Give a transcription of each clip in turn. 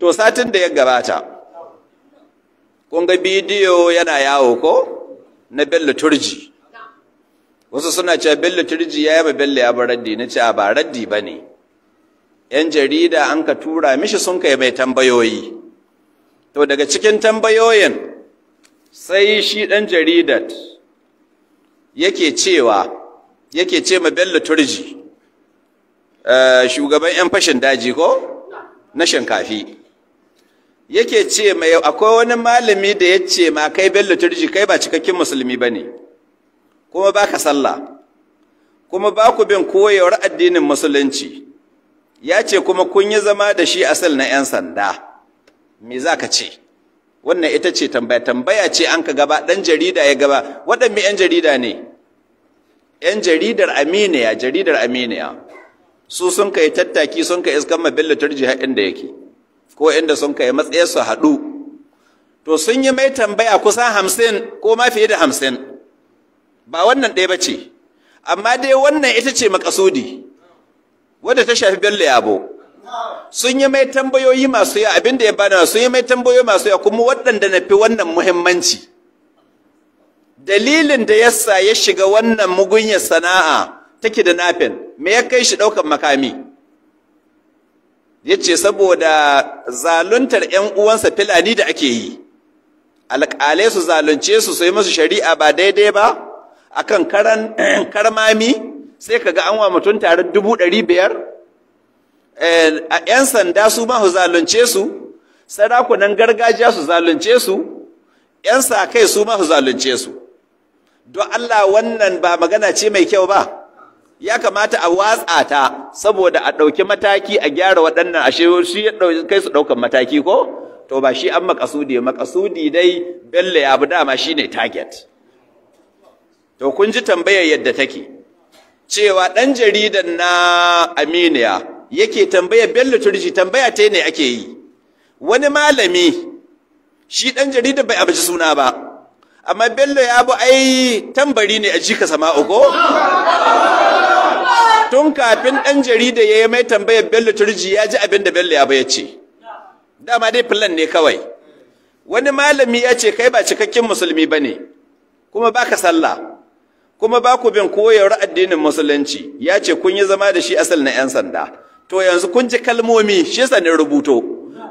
to satin da ya gabata kun ga bidiyo yana yawo ko na bello turji wasu suna cewa bello turji ya yaba bello ya baraddi na ce a ba raddi ba ne yan jarida an ka tura mishi sun kai mai tambayoyi to daga cikin tambayoyin sai shi ɗan jaridat yake cewa yake ce ma bello turji eh, shugaban 'yan fashin daji ko na shinkafi yake ce mai akwai wani malami da ya ce ma kai bello turji kai ba cikakken musulmi ba ne kuma ba ka sallah kuma ba ku bin koyewar addinin musulunci ya ce kuma kun yi zama da shi asal na 'yan sanda me za ka ce wannan ita ce tambaya tambaya ce an ka gaba ɗan jarida ya gaba waɗanne 'yan jarida ne 'yan jaridar aminiya jaridar aminiya su sun kai tattaki sun kai iskan mabin liturji haɗin da yake ko inda sun kai matsayin su haɗu to sun yi mai tambaya kusa hamsin ko ma fiye da hamsin ba wannan ɗaya ba ce amma dai wannan ita ce makasudi wadda ta shafi bello yabo sun yi mai tambayoyi masu ya abinda ya bada sun yi mai tambayoyi masu yawa kuma waɗanda na fi wannan muhimmanci dalilin da yasa ya shiga wannan mugunyar sana'a take da nafin me ya kai shi ɗaukar makami Ya ce saboda zaluntar 'yan uwansa filani da ake yi alƙalai su zalunce su sai masu musu shari'a ba daidai ba a kan karmami sai ka an wa mutum tare dubu ɗari biyar eh, A 'yan sanda su ma su zalunce su sarakunan gargajiya su zalunce su ƴan sa kai su ma su zalunce su don Allah wannan ba magana ce mai kyau ba ya kamata a watsa ta saboda a ɗauki mataki a gyara waɗannan ashe shi ya kai su ɗaukan mataki ko to ba shi an makasudi makasudi dai bello ya abu dama shi ne target to kun ji tambayar yadda take cewa ɗan jaridan na aminiya yake tambaya bello turji tambaya ta ne ake yi wani malami shi ɗan jaridan bai abuci suna ba amma bello ya bu ai tambari ne a jika sama uku? tun kafin ɗan jarida ya yi mai tambayar bello turji ya ji abin da bello ya bu ya ce dama dai filan ne kawai wani malami ya ce kai ba cikakken musulmi ba ne kuma baka sallah kuma ba ku bin koyar addinin musulunci ya ce kun yi zama da shi asal na 'yan sanda to yanzu kun ji kalmomi shi sanin rubuto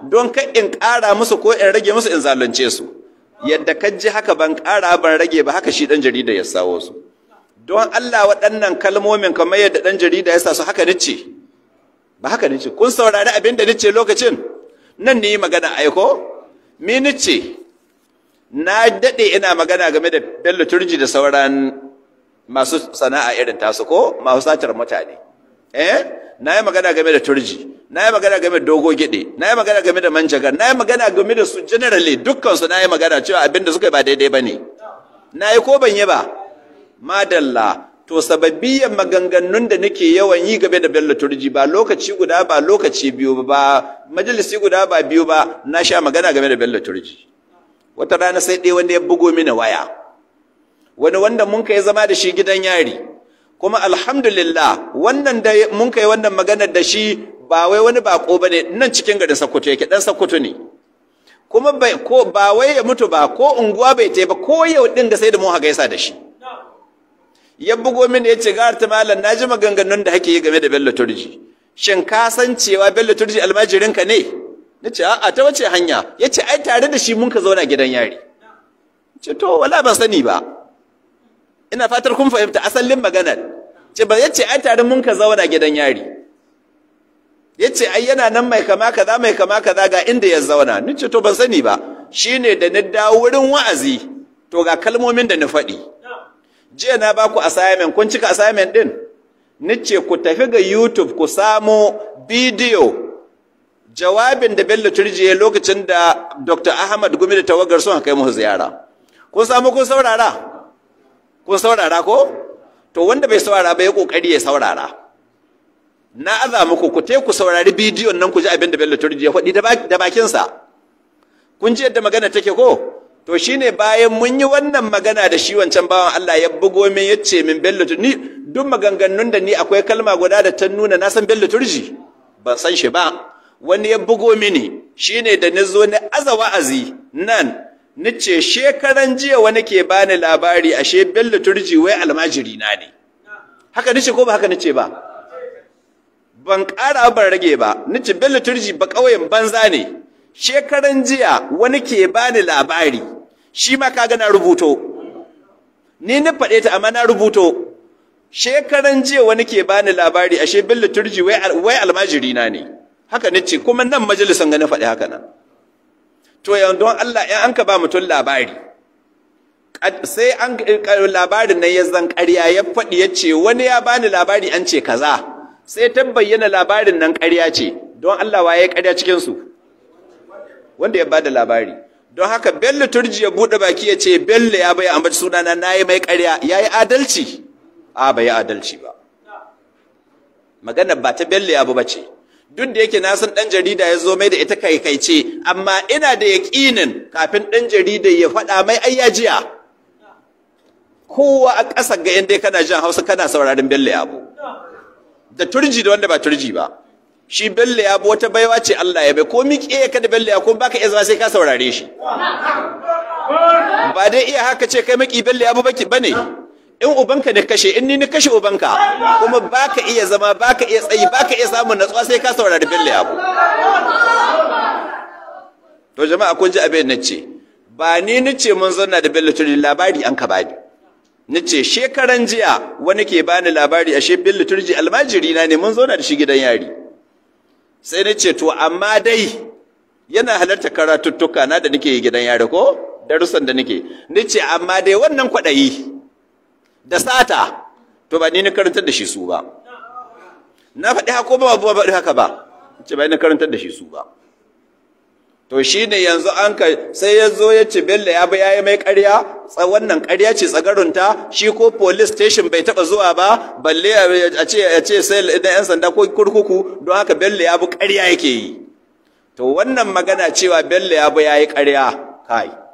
don ka in kara musu ko in rage musu in zalunce su yadda ka ji haka ban ƙara ban rage ba haka shi ɗan jarida ya sawo su don Allah waɗannan kalmomin kamar yadda ɗan jarida ya sa su haka nice ba haka nice kun saurari abin da nice lokacin nan ni magana aiko mi nice na daɗe ina magana game da bello turji da sauran masu sana'a irin tasu ko masu satar mutane eh na yi magana game da turji na yi magana game da dogo gide na yi magana game da manjagar na yi magana game da su generally dukkansu na yi magana cewa abin da suka yi ba daidai ba ne na yi ko ban yi ba madalla to sababbiyan maganganun da nake yawan yi game da bello turji ba lokaci guda ba lokaci biyu ba majalisi guda ba biyu ba na sha magana game da bello turji wata rana sai ɗaya wanda ya bugo mini waya wani wanda mun kai zama da shi gidan yari kuma alhamdulillah wannan da mun kai wannan maganar da shi ba wai wani bako bane nan cikin garin Sokoto yake dan Sokoto ne kuma bai ko ba wai ya mutu ba ko unguwa bai tai ba ko yau din da sai da mu ha gaisa da shi ya bugo min ya ce, gar ta malam naji maganganun da hake yi game da Bello Turji shin ka san cewa Bello Turji almajirinka ne nace a'a ta wace hanya yace ai tare da shi mun ka zauna gidan yari ce to wala ban sani ba ina fatar kun fahimta asalin maganar ce ba yace ai tare mun ka zauna gidan yari yace ai yana nan mai kama kaza mai kama kaza ga inda ya zauna ni ce to ban sani ba shine da ni dawo wurin wa'azi to ga kalmomin da na faɗi jiya na ba ku assignment kun cika assignment din ni ce ku tafi ga YouTube ku samo bidiyo jawabin da Bello Turjiye lokacin da Dr. Ahmad Gumi da tawagar sun kai mu ziyara. Kun samu kun saurara? kun saurara ko to wanda bai saurara ba ya kokari ya saurara na aza muku ku ku saurari bidiyon nan ku ji abin da Bello Turji ya faɗi da bakinsa kun ji yadda magana take ko to shine bayan mun yi wannan magana da shi wancan bawan Allah ya bugo min ya ce min Bello Turji duk maganganun da ni akwai kalma guda da ta nuna na san Bello Turji ban san shi ba wani ya bugo mini shine da na zo na aza wa'azi nan ce shekaran jiya wani ke bani labari ashe Bello Turji wai almajiri na ne haka nace ko ba haka nace ba ban ƙara ban rage ba nace Bello Turji ba ƙauyen banza ne shekaran jiya wani ke bani labari shi ma kaga na rubuto ni na faɗe ta amma na rubuto shekaran jiya wani ke bani labari ashe Bello Turji wai wai almajiri na ne haka nace kuma nan majalisan ga na faɗi haka nan to yanzu Allah in an ka ba mutum labari sai an labarin nan ya zan ƙarya ya faɗi ya ce wani ya bani labari an ce kaza sai ta bayyana labarin nan ƙarya ce don Allah waye ƙarya cikin su wanda ya bada labari don haka Bello turji ya buɗe baki ya ce Bello ya bai ambaci sunana nayi mai ƙarya yayi adalci a bai adalci ba magana ba ta Bello ya bu bace duk da yake na san ɗan jarida ya zo mai da ita kaikaice amma ina da yaƙinin kafin ɗan jarida ya faɗa mai ai jiya kowa a ƙasa ga yanda kana jin Hausa kana sauraron Bello Yabo da turji da wanda ba turji ba shi Bello Yabo wata baiwa ce Allah ya bai ko miƙe ka da Bello Yabo baka iya zama sai ka saurare shi ba dai iya haka ce kai maki Bello Yabo bane in ubanka ne kashe in ni ni kashe ubanka kuma baka iya zama baka iya tsayi baka iya samun natsuwa sai ka saurari billa abu to jama'a kun ji abin nace ba ni nace mun zanna da billa Turji labari an ka bani nace shekaran jiya wani ke bani labari ashe billa turji almajiri na ne mun zauna da shi gidan yari sai nace to amma dai yana halarta karatuttuka na da nake gidan yari ko darussan da nake nace amma dai wannan kwadayi da sata to ba ni na karantar da shi su ba na faɗi haka ba ba faɗi haka ba ce ba na karantar da shi su ba to shi ne yanzu an ka sai ya zo ya ci bello ya bi yayi mai ƙarya wannan ƙarya ce tsagarunta shi ko police station bai taba zuwa ba balle a ce a ce sai idan yan sanda ko kurkuku don haka bello ya bi ƙarya yake yi to wannan magana cewa bello ya bi yayi ƙarya kai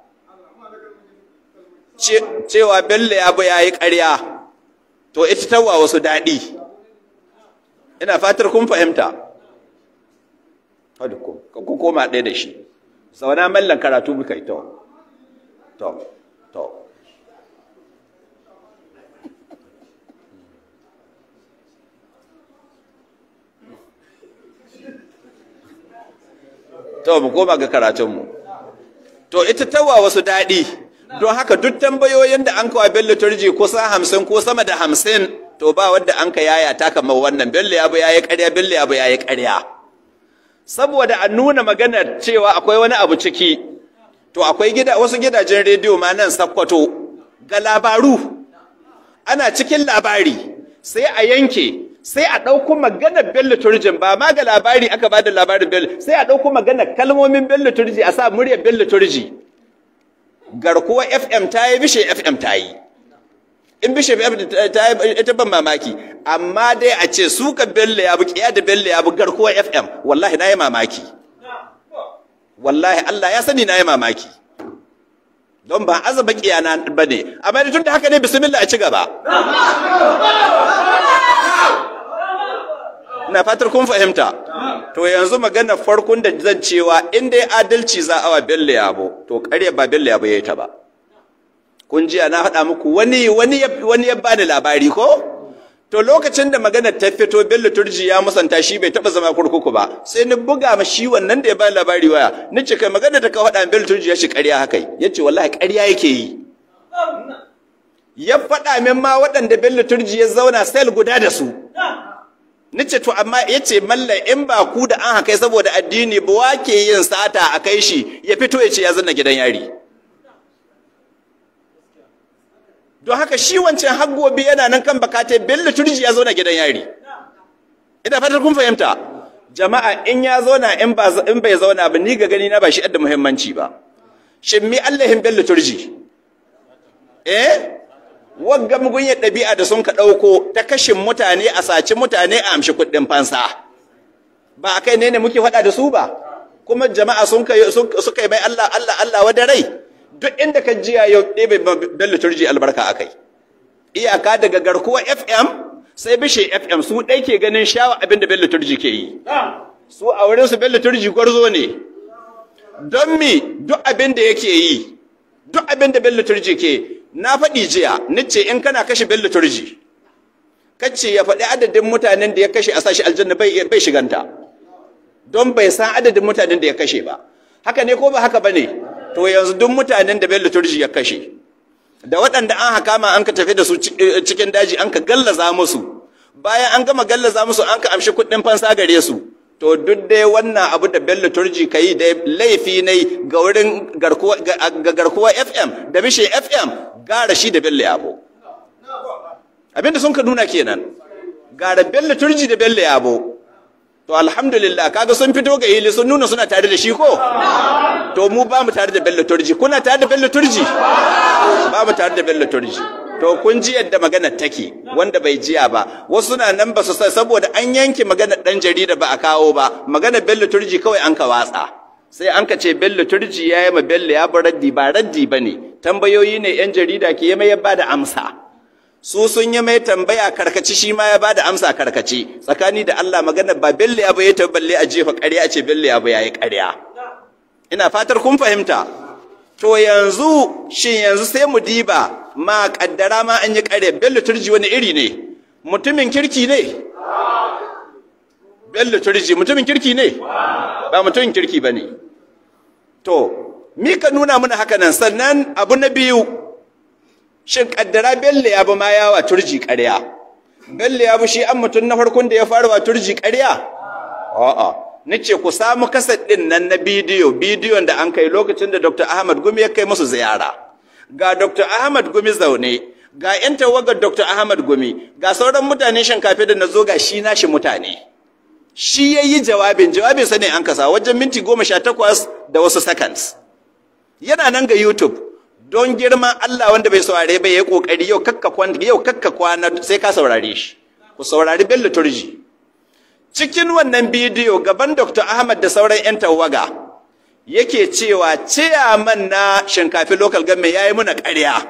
cewa bello ya bi ya yi ƙarya to ita tawa wasu daɗi ina fatar kun fahimta ku koma ɗaya da shi sau na mallan karatu muka yi to to to to mu koma ga karatunmu to ita tawa wasu daɗi don haka duk tambayoyin da an kawa bello turji kusa hamsin ko sama da hamsin to ba wadda an ka yaya ta kamar wannan bello ya bu ya yi ƙarya bello ya bu ya yi ƙarya saboda a nuna maganar cewa akwai wani abu ciki to akwai gida wasu gidajen rediyo ma nan sakkwato ga labaru ana cikin labari sai a yanke sai a ɗauko magana bello turjin ba ma ga labari aka ba da labarin bello sai a ɗauko magana kalmomin bello turji a sa muryar bello turji garkuwa fm ta yi bishe fm ta yi in bishe fm ta yi ita ban mamaki amma dai a ce su ka bello ya buƙiya da bello ya bu garkuwa fm wallahi na yi mamaki wallahi allah ya sani na yi mamaki don ba azaba kiyana ba ne amma tun da haka ne bismillah a ci gaba na fatar kun fahimta to yanzu magana farkon da zan cewa in dai adalci za a wa bello yabo to kare ba bello yabo yayi ta ba kun ji na faɗa muku wani wani wani ya bani labari ko to lokacin da magana ta fito bello turji ya musanta shi bai taba zama kurkuku ba sai ni buga ma shi wannan da ya bani labari waya ni ce kai magana ta ka faɗa bello turji ya shi kariya haka yace wallahi kariya yake yi ya faɗa min ma waɗanda bello turji ya zauna sel guda da su nace to amma yace mallai in ba ku da an haka saboda addini ba ke yin sata a kai shi ya fito ya ce ya zanna gidan yari don haka shi wancan haggobi yana nan kan bakate bello turji ya zauna gidan yari ina fatar kun fahimta jama'a in ya zauna in ba in bai zauna ba ni ga gani na ba shi da muhimmanci ba shin mi allahin bello turji eh wagga mugunyar ɗabi'a da sun ka ɗauko ta kashin mutane a saci mutane a amshi kuɗin fansa ba a kai ne muke faɗa da su ba kuma jama'a sun kai suka yi mai Allah Allah Allah wada rai duk inda ka jiya yau ɗebe don liturji albarka akai iyaka daga garkuwa FM sai bishe FM su ɗai ke ganin shawa abin da bello ke yi su a wurin su bello liturji gwarzo ne don mi duk abin da yake yi duk abin da bello turji ke na faɗi jiya nace in kana kashe bin liturji kace ya faɗi adadin mutanen da ya kashe a sashi aljanna bai bai shiganta don bai san adadin mutanen da ya kashe ba haka ne ko ba haka bane to yanzu duk mutanen da bin liturji ya kashe da waɗanda an hakama an ka tafi da su eh, cikin daji an ka gallaza musu bayan an gama gallaza musu an ka amshi kuɗin fansa gare su to duk dai wannan abu da bello turji ka yi da laifi ne ga wurin garkuwa fm da mishe fm gara shi da bello yabo abinda sun ka nuna kenan gara belle turji da belle yabo to alhamdulillah kaga sun fito ga hili sun nuna suna tare da shi ko to mu ba mu tare da belle turji kuna tare da belle turji ba mu tare da belle turji to kun ji yadda magana take wanda bai jiya ba wasu na nan ba su saboda an yanke magana dan jarida ba a kawo ba magana belle turji kawai an ka watsa sai an ka ce bello turji ya yi ma bello ya bi raddi ba raddi ba ne tambayoyi ne yan jarida ke yi ya ba da amsa su sun yi mai tambaya karkaci shi ma ya da amsa karkaci tsakani da Allah magana ba bello ya bi ya tabballe a jefa ƙarya a ce bello ya bi ya yi ƙarya ina fatar kun fahimta to yanzu shin yanzu sai mu diba ma kaddara ma an yi ƙarya bello turji wani iri ne mutumin kirki ne bello turji mutumin kirki ne ba mutumin kirki ba ne to mika nuna mana hakanan sannan abu na biyu shin kaddara bello ya bi ma wa turji ƙarya bello ya bi shi an mutum na farkon da ya fara wa turji ƙarya a'a ce ku samu kasar din nan na bidiyo bidiyon da an kai lokacin da Dr. Ahmad Gumi ya kai musu ziyara ga Dr. Ahmad Gumi zaune ga 'yan tawagar Dr. Ahmad Gumi, ga sauran mutane shinkafe da na zo ga shi nashi mutane. shi ya yi jawabin jawabinsa ne an kasa wajen minti goma sha takwas da wasu seconds yana nan ga youtube don girma allah wanda bai saurare bai ya kokari yau kakka kwana yau kakka kwana sai ka saurare shi ku saurari bello liturji cikin wannan bidiyo gaban dr ahmad da sauran yan tawaga yake cewa ciyaman na shinkafi local government ya yi muna ƙarya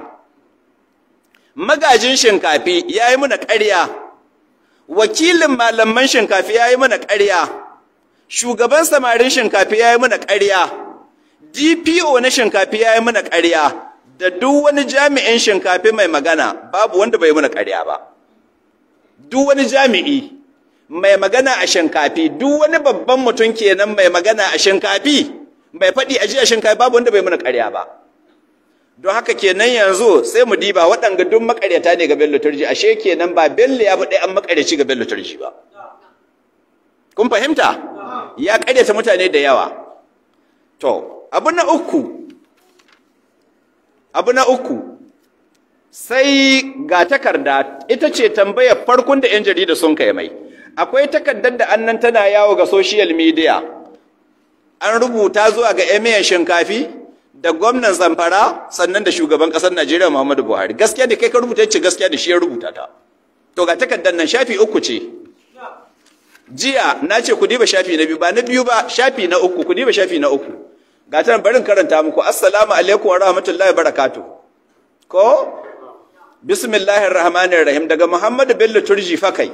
magajin shinkafi ya yi muna ƙarya wakilin malaman shinkafi ya yi mana ƙarya shugaban samarin shinkafi ya yi mana ƙarya dpo na shinkafi ya yi mana ƙarya da duk wani jami'in shinkafi mai magana babu wanda bai mana ƙarya ba duk wani jami'i mai magana a shinkafi duk wani babban mutum kenan mai magana a shinkafi mai faɗi a a shinkafi babu wanda bai mana ƙarya ba don haka kenan yanzu sai mu diba waɗanga duk makaryata ne ga bello ashe kenan ba bello ya faɗi an makaryaci ga bello ba kun fahimta ya ƙaryata mutane da yawa to abu na uku abu na uku sai ga takarda ita ce tambaya farkon da 'yan jarida sun kai mai akwai takardar da annan tana yawo ga social media an rubuta zuwa ga emiyan shinkafi da gwamnan zamfara sannan da shugaban ƙasar najeriya muhammadu buhari gaskiya da kai ka rubuta ce gaskiya da shi ya rubuta ta to ga takardar nan shafi uku ce jiya na ce ku diba shafi na biyu ba na biyu ba shafi na uku ku diba shafi na uku ga ta barin karanta muku assalamu alaikum wa rahmatullahi barakatu ko bismillahir rahmanir rahim daga muhammadu bello turji fakai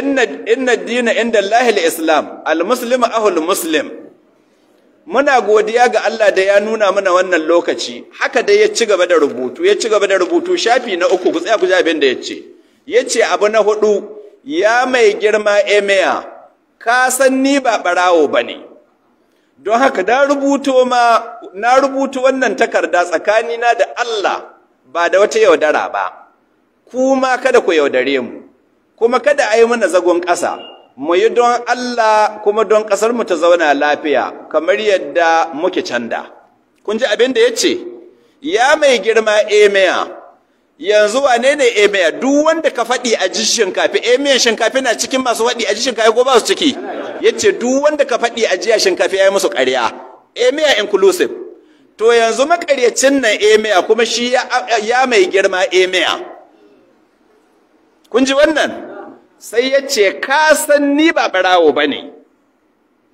inna inna dina inda allahil islam al muslimu ahul muslim muna godiya ga Allah da ya nuna mana wannan lokaci haka dai ya ci gaba da rubutu ya ci gaba da rubutu shafi na uku ku tsaya ku ji abin da ya ce ya ce abu na hudu ya mai girma emea ka san ni ba barawo ba ne don haka da rubuto ma na rubutu wannan takarda tsakanina da Allah ba da wata yaudara ba kuma kada ku yaudare mu kuma kada a yi mana zagon ƙasa mu yi don Allah kuma don ƙasarmu ta zauna lafiya kamar yadda muke canda kun ji abin da ce ya mai girma emeya, yanzu wane ne emeya duk wanda ka faɗi a ji shinkafi emea shinkafi na cikin masu faɗi a ji shinkafi ko ba su ciki ce duk wanda ka faɗi a jiya shinkafi ya yi musu ƙarya emeya inclusive to yanzu makaryacin nan emeya kuma shi ya mai girma emeya. kun ji wannan sai ya ce ka san ni ba barawo ba ne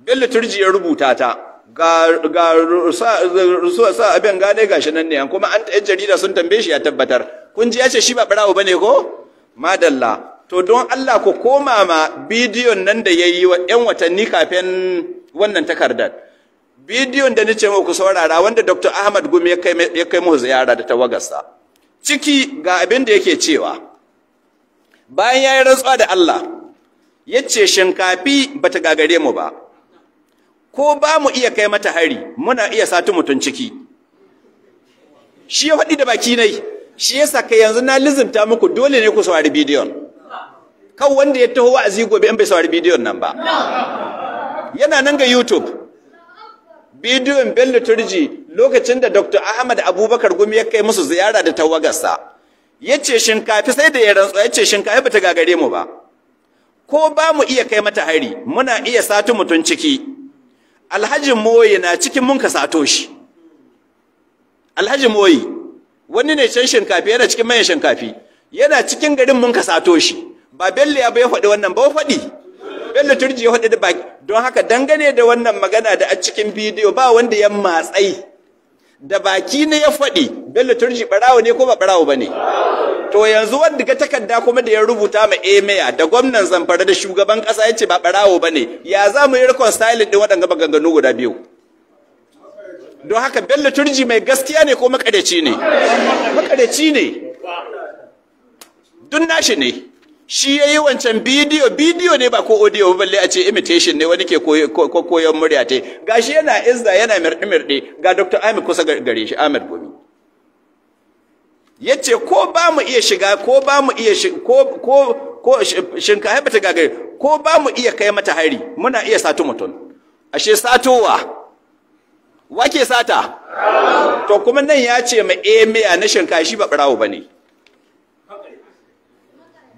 Bin turji ya rubuta ta ga rusuwa sa abin gane gashi nan ne kuma an ta'yan jarida sun tambaye shi ya tabbatar kun ji ya ce shi ba barawo ba ne ko madalla to don allah ku koma ma bidiyon nan da ya yi wa 'yan watanni kafin wannan takardar bidiyon da ni nace muku saurara wanda dr ahmad gumi ya kai mu ziyara da tawagarsa ciki ga abin da yake cewa bayan ya yi rantsuwa da Allah ya ce shinkafi ba ta gagare mu ba ko ba mu iya kai mata hari muna iya satu mutum ciki shi ya faɗi da baki nai shi ya saka yanzu na lizimta muku dole ne ku saurari bidiyon kan wanda ya taho wa'azi gobe an bai saurari bidiyon nan ba yana nan ga YouTube bidiyon Bello Turji lokacin da Dr. Ahmad Abubakar Gumi ya kai musu ziyara da tawagarsa yace shinkafi sai da ya rantsa yace shinkafi bata gagare mu ba ko ba mu iya kai mata hari muna iya satu mutun ciki alhaji moyi na cikin mun ka sato shi alhaji moyi wani ne can shinkafi yana cikin mayan shinkafi yana cikin garin mun ka sato shi ba bello ya bai faɗi wannan ba faɗi bello turji ya faɗi da baki don haka dangane da wannan magana da a cikin bidiyo ba wanda ya matsayi da baki ne ya faɗi bello turji barawo ne ko ba ɓarawo ba ne to yanzu wanda ga takarda kuma da ya rubuta ma emeya da gwamnan zamfara da shugaban ƙasa ya ce ba barawo ba ne ya za mu yi rikon stylin ɗin waɗanga maganganu guda biyu don haka bello turji mai gaskiya ne ko makadaci ne Makadaci ne dun nashi ne shi ya yi wancan bidiyo bidiyo ne ba ko audio balle a ce imitation ne wani ke koyon murya te shi yana izda yana mirɗi-mirɗi ga dr amir kusa gare shi amir gumi ya ce ko ba mu iya shiga ko ba mu iya ko ko ko shinkafa ba ta gagare ko ba mu iya kai mata hari muna iya sato mutum ashe satowa wake sata to kuma nan ya ce ma eh me na shinkafa shi ba barawo bane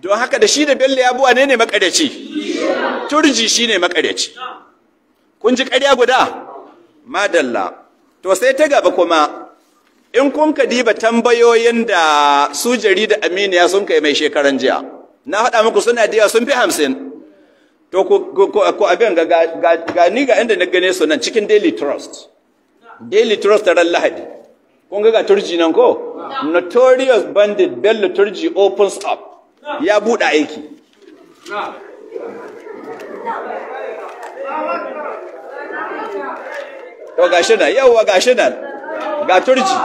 don haka da shi da bello ya buwa ne ne makaryaci turji shi ne makaryaci kun ji ƙarya guda madalla to sai ta gaba kuma in kun ka diba tambayoyin da su jarida aminiya sun kai mai shekaran jiya na haɗa muku suna diya sun fi hamsin to ku abin ga ni ga inda na gane su nan cikin daily trust daily trust ta ran lahadi kun ga ga turji nan ko notorious bandit bello turji opens up ya buɗe aiki to gashi nan yawwa gashi nan ga turji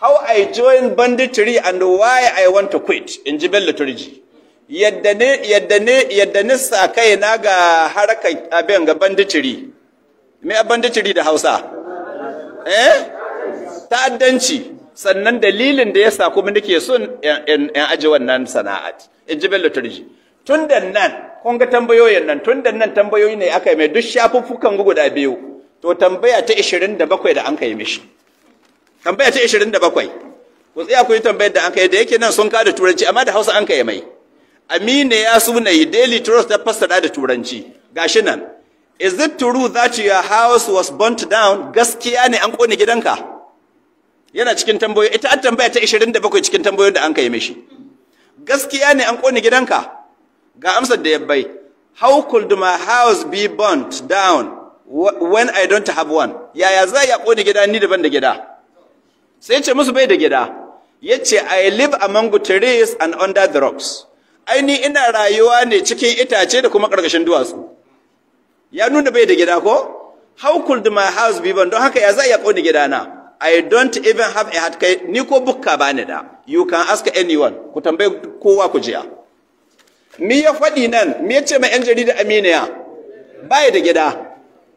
how i join banditry and why i want to quit in ji bello turji yadda ne yadda ne yadda ne sa kai na ga harkar abin ga banditry me banditry da Hausa eh ta'addanci sannan dalilin da ya sa kuma nake so in aje wannan sana'at in ji Bello Turji tun da nan kun ga tambayoyin nan tun da nan tambayoyi ne aka yi mai duk shafuffukan guda biyu to tambaya ta 27 da an kai mishi tambaya ta 27 ku tsaya ku yi tambayar da an kai da yake nan sun kada turanci amma da Hausa an kai mai Amina ya suna yi Daily Trust ta fassara da turanci gashi nan is it true that your house was burnt down gaskiya ne an kone gidanka yana cikin tambayo, ita an tambaya ta 27 cikin tambayoyin da an kai mishi gaskiya ne an kone gidanka ga amsar da yabbai how could my house be burnt down when i don't have one yaya za ya kone gida ni daban da gida sai ce musu bai da gida Ya ce i live among the trees and under the rocks aini ina rayuwa ne cikin itace da kuma karkashin duwatsu ya nuna bai da gida ko how could my house be burnt don haka ya za ya kone gidana I don't even have a hat kai ni ko bukka bani da you can ask anyone ku tambaye kowa ku jiya me ya faɗi nan me ya ce ma yan jarida Aminiya baya da gida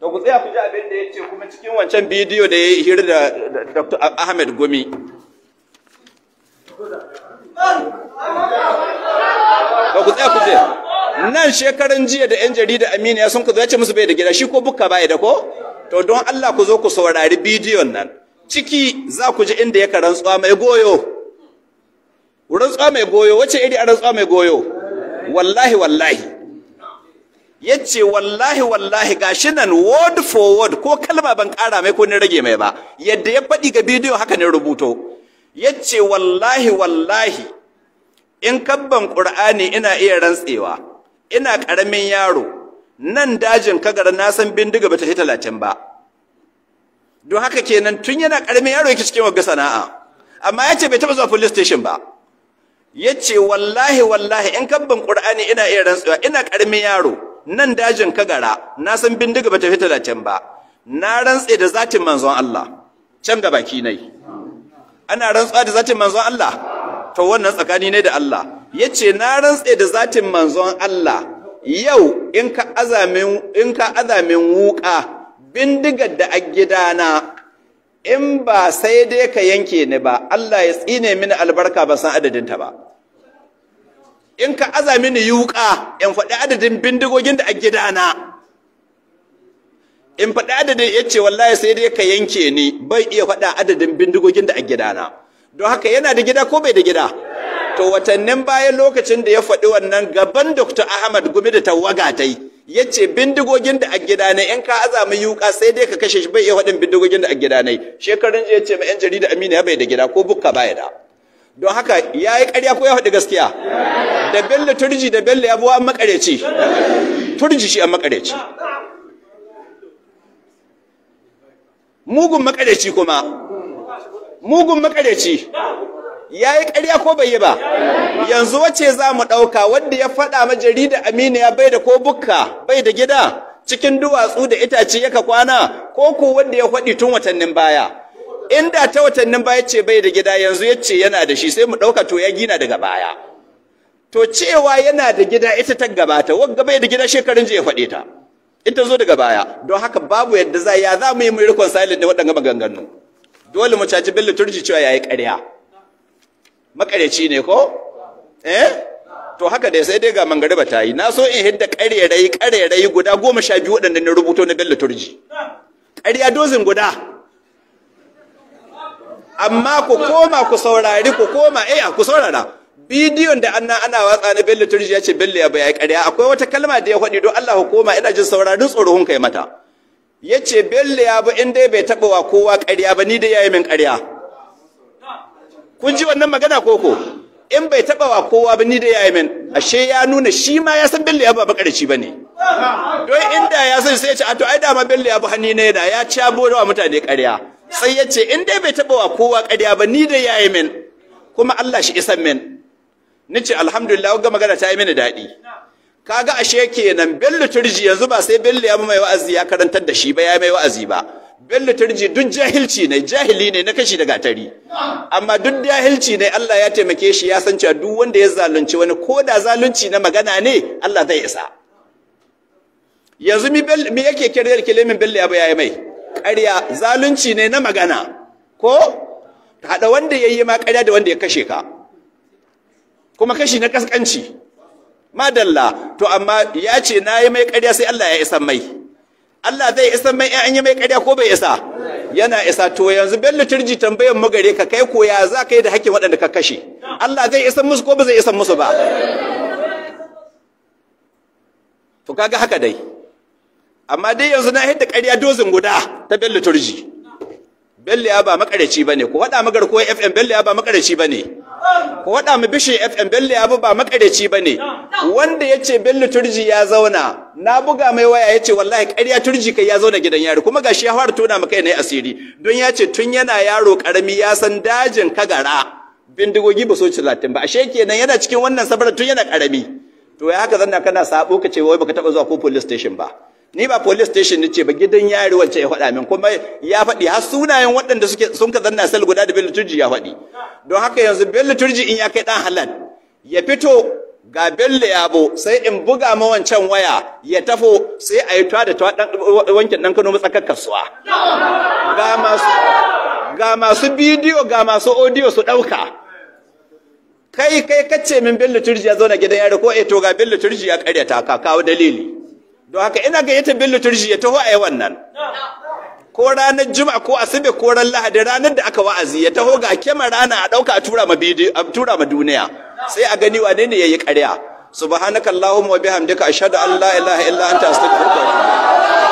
to ku tsaya ku ji abin da ya ce kuma cikin wancan bidiyo da ya yi da Dr. Ahmed Gumi ba ku tsaya ku je nan shekaran jiya da yan jarida Aminiya sun ku zai ce musu bai da gida shi ko bukka baya da ko to don Allah ku zo ku saurari bidiyon nan ciki za ku ji inda yaka rantsuwa mai goyo rantsuwa mai goyo wace iri a rantsuwa mai goyo wallahi wallahi Ya ce wallahi wallahi ga shi nan word for word ko kalma ban kara mai ko ni rage mai ba yadda ya faɗi ga bidiyo haka ne rubuto Ya ce wallahi wallahi in kabban ƙur'ani ina iya rantsewa ina ƙaramin yaro nan dajin kagara na san bindiga bata shi talatin ba don haka kenan tun yana ƙaramin yaro yake cikin wagga sana'a amma ya ce bai taba zuwa police station ba ya ce wallahi wallahi in kabban ƙur'ani ina iya rantsuwa ina ƙaramin yaro nan dajin kagara na san bindiga ba ta fita da can ba na rantse da zatin manzon Allah can ga baki nai ana rantsuwa da zatin manzon Allah to wannan tsakani ne da Allah ya ce na rantse da zatin manzon Allah yau in ka azamin in ka azamin wuka bindigar da a gidana in ba sai dai ka yanke ni ba Allah ya tsine mini albarka ba san adadinta ba in ka aza mini yuka in faɗi adadin bindigogin da a gidana in faɗi adadin ya ce wallahi sai dai ka yanke ni bai iya faɗa adadin bindigogin da a gidana don haka yana da gida ko bai da gida to watannin bayan lokacin da ya faɗi wannan gaban dr ahmad gumi da tawaga ta yi ya ce bindigogin da a gida ne in ka aza mai yuka sai dai ka kashe shi bai iya waɗin bindigogin da a gida ne shekarun jiya ce ma yan jarida amina ya bai da gida ko bukka baya da don haka ya yi ƙarya ko ya faɗi gaskiya da bello turji da bello ya buwa an makareci turji shi an makareci mugun makareci kuma mugun makareci ya yi ƙarya ko bai yi ba yanzu wace za mu ɗauka wanda ya faɗa ma jarida ya bai da ko bukka bai da gida cikin duwatsu da itace yaka kwana ko ku wanda ya faɗi tun watannin baya inda ta watannin baya ce bai da gida yanzu ya ce yana da shi sai mu ɗauka to ya gina daga baya to cewa yana da gida ita ta gabata wagga bai da gida shekarun jiya faɗe ta ita zo daga baya don haka babu yadda za ya za mu yi mu rikon silent da waɗanga maganganu dole mu caji bin turji cewa ya yi ƙarya makareci ne ko eh to haka dai sai dai ga mangariba ta yi na so in hidda ƙarerayi ƙarerayi guda goma sha biyu waɗanda na rubuto na bello turji ƙarya dozin guda amma ku koma ku saurari ku koma eh ku saurara bidiyon da anna ana watsa na bello turji ya ce bello ya bayan ƙarya akwai wata kalma da ya faɗi don Allah ku koma ina jin saurarin tsoron kai mata ya ce bello ya bu in dai bai taɓa wa kowa ƙarya ba ni da ya yi min ƙarya kun ji wannan magana koko in bai taba wa kowa ba ni da ya min ashe ya nuna shi ma ya san Bello Yabo ba ne. bane don inda ya san sai ya ce a to ai dama Bello Yabo hanni ne da ya ci wa mutane ƙarya sai ya ce in dai bai taba wa kowa ƙarya ba ni da ya min kuma Allah shi isan min ce alhamdulillah ga magana ta yi mini daɗi kaga ashe kenan Bello Turji yanzu ba sai Bello Yabo mai wa'azi ya karantar da shi ba ya mai wa'azi ba Bello turji duk jahilci ne jahili ne na kashi da gatari amma duk jahilci ne Allah ya taimake shi ya san cewa duk wanda ya zalunci wani ko da zalunci na magana ne Allah zai isa yanzu mi me yake kiryar kilimin Bello ya bayaye mai ƙarya zalunci ne na magana ko hada wanda yayi ma karya da wanda ya kashe ka kuma kashi na kaskanci madalla to amma ya ce na yi mai karya sai Allah ya isa mai Allah zai isa mai an yi mai ƙarya ko bai isa yana isa to yanzu bello turji tambayan mu gare ka kai ko ya za ka yi da hakkin waɗanda ka kashe Allah zai isa musu ko ba zai isa musu ba to kaga haka dai amma dai yanzu na hidda ƙarya dozin guda ta bello turji bello ya ba makareci bane ko faɗa magar ko FM bello ya ba makareci bane ko wada mu bishi FM Bello ya ba makareci bane wanda yace Bello Turji ya zauna na buga mai waya yace wallahi ƙarya Turji kai ya zauna gidan yari kuma gashi ya fara tona maka ne asiri don yace tun yana yaro karami ya san dajin kagara bindigogi ba so talatin ba ashe kenan yana cikin wannan sabar tun yana karami to ya haka zanna kana sabo ka wai baka taba zuwa ko police station ba ni ba police station nace ba gidan yari wacce ya faɗa min kuma ya faɗi har sunayen waɗanda suke sun ka zanna sal guda da Bello Turji ya faɗi don haka yanzu bello turji in ya kai dan halal ya fito ga bello yabo sai in buga ma wancan waya ya tafo sai a yi tuwa da tuwa wankin ɗan kano matsakar kasuwa ga masu bidiyo ga masu odiyo su ɗauka kai kai kace min bello turji ya zo na gidan yari ko eh to ga bello turji ya karyata ka kawo dalili don haka ina ga yata bello turji ya taho a yi wannan ko ranar juma'a ko asibe ko ran lahadi ranar da aka wa'azi ya taho ga kema rana a dauka a tura ma bidiyo a tura ma duniya sai a gani wane ne yayi ƙarya subhanakallahumma wa bihamdika ashhadu an la ilaha illa anta astaghfiruka wa atubu